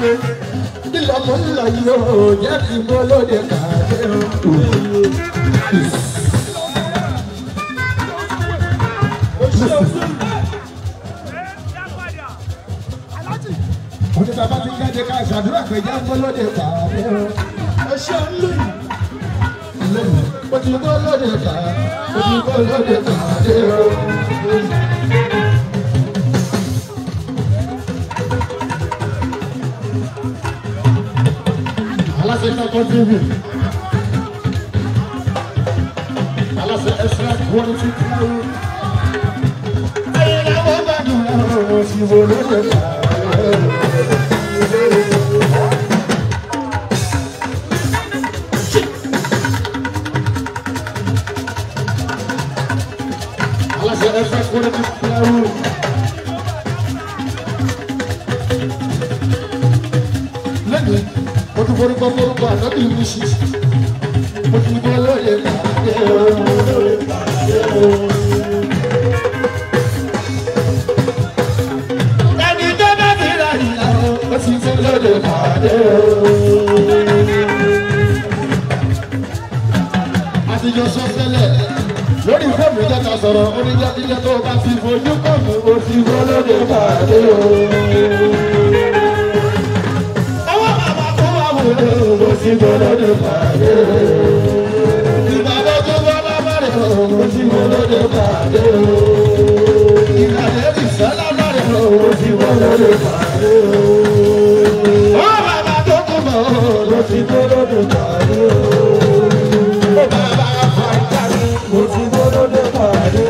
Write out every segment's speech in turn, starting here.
pé kí lọ́mọ ńlọ yìí ó jẹ́ kí mo lóde kàdé o. mo ní bàbá ti jáde ká ìṣàdúrà pé jẹ́ mo lóde kàdé o. ẹ ṣe ń mo ti bọ́ lóde kàdé o. Sinna contribute. Allah say extra quality crew. Ayé làwọn bá dùn ọ́ sí wọlé lẹ́la. essa cura de Flávio. Lembra? forúkọ forúkọ ànábì mi sí mo ti gbọ́ lóye pàdé lóye pàdé ẹni tó bá ti rà ìyàwó ó sì ti lóye pàdé àtijọ́ sọ tẹ́lẹ̀ lórí fóònù ìjọba sọ̀rọ̀ oníjàdíjẹ́ tó bá ti fojú kọ́ọ̀mù ó ti gbọ́ lóye pàdé o. mo lóde pàdé. Ìbàdàn tó bá lábàrẹ̀ ọ̀hún tí mo lóde pàdé. Ìbàdàn tí sọ lábàrẹ̀ ọ̀hún tí mo lóde pàdé. Ó bàbá tó kú mọ́ ọ̀hún tí mo lóde pàdé. Ó bàbá fàjà mi mo ti mo lóde pàdé.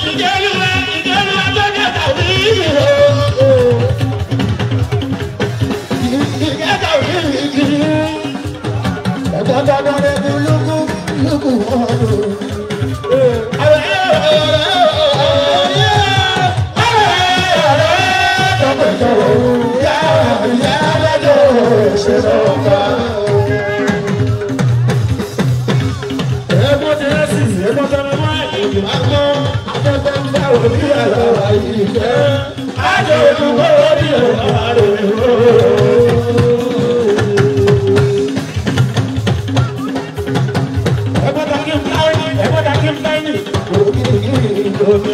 Everybody else is, everybody else ìlú àmọ́ afẹ́fẹ́ ń bá wọ ní àlàra yìí fẹ́. Àjọ olùkọ́ orí ẹ̀rọ rẹ̀ ẹ̀gbọ́n ta kí n bá ẹ̀gbọ́n ta kí n bá ẹ̀yìn.